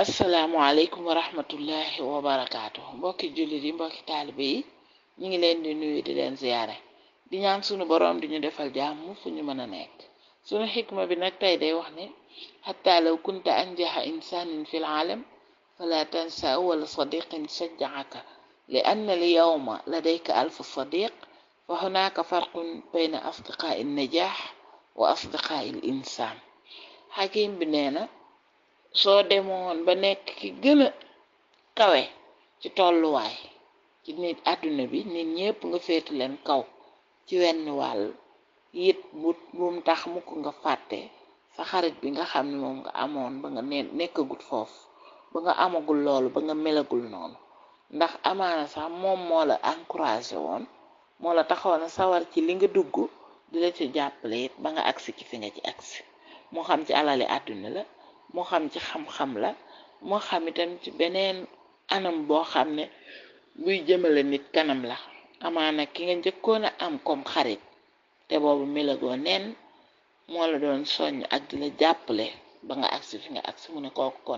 asalaamualeykum wa rahmatullahi wa barakaatu mbokki jullit yi mbokki taalibe yi ñu ngi leen di nuyu di leen ziyaare di ñaan sunu boroom di ñu defal jàmm fu ñu mën a nekk sunu xikma bi nag tey day wax ne xataa law kunta anjaxa insanin fil aalam fala tansa awala sadiqin sajjaaka li anna li yawma ladayka alfu sadiq fa hunaaka farqun bayna asdiqaai najaax wa asdiqaai l insaan xakim bi nee na soo demoon ba nekk ki gën a kawe ci tolluwaay ci nit àdduna bi nit ñépp nga féetu leen kaw ci wenn wàll yit bu bum tax mukk nga fàtte sa xarit bi nga xam ne moom nga amoon ba nga nekkagut foofu ba nga amagul loolu ba nga melagul noonu ndax amaana sax moom moo la encouragé woon moo la taxoon a sawar ci li nga dugg di la ci jàppale it ba nga agsi ci fi nga ci agsi moo xam ci alali àdduna la moo xam ci xam-xam la moo xam itam ci beneen anam boo xam ne buy jëmale nit kanam la amaana ki nga njëkkoon a am comme xarit te boobu milago neen moo la doon soñ ak di la jàppale ba nga agsi fi nga agsi mu ne kooku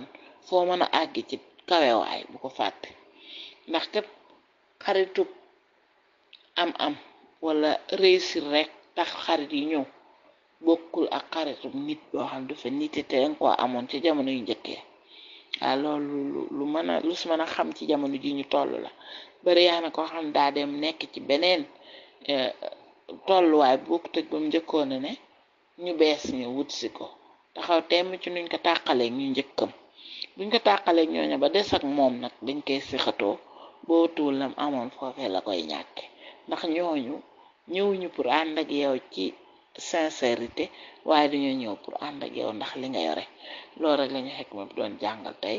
foo mën a àgg ci kawewaay bu ko fàtte ndax képp xaritu am am wala réussir rek tax xarit yi ñëw bokkul ak xaritum nit boo xam dafa nite te danga koo amoon ci jamono yu njëkkee waaw loolu lu mën a lu mën a xam ci jamono ji ñu toll la bari yaa na koo xam daa dem nekk ci beneen e, tolluwaay bokku tëj ba mu njëkkoon na ne ñu bees ñu wut si ko taxaw temm ci nuñ ko tàqalee ñu njëkkam buñ ko tàqalee ñooña ba des ak moom nag dañ koy sixatoo boo tuul lam amoon foofee la koy ñàkke ndax ñooñu ñëwuñu pour ànd ak yow ci sincérité waaye dañoo ñëw pour ànd ak yow ndax li nga yore lool rek lañu ñu xekk ma doon jàngal tey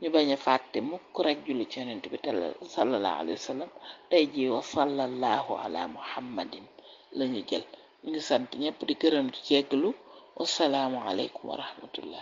ñu bañ a fàtte mukk rek julli ci yonent bi tala sallallahu alayhi wa tey jii wa sallallahu ala muhammadin la jël ngi sant ñëpp di gërëm di jégglu wasalaamu aleykum wa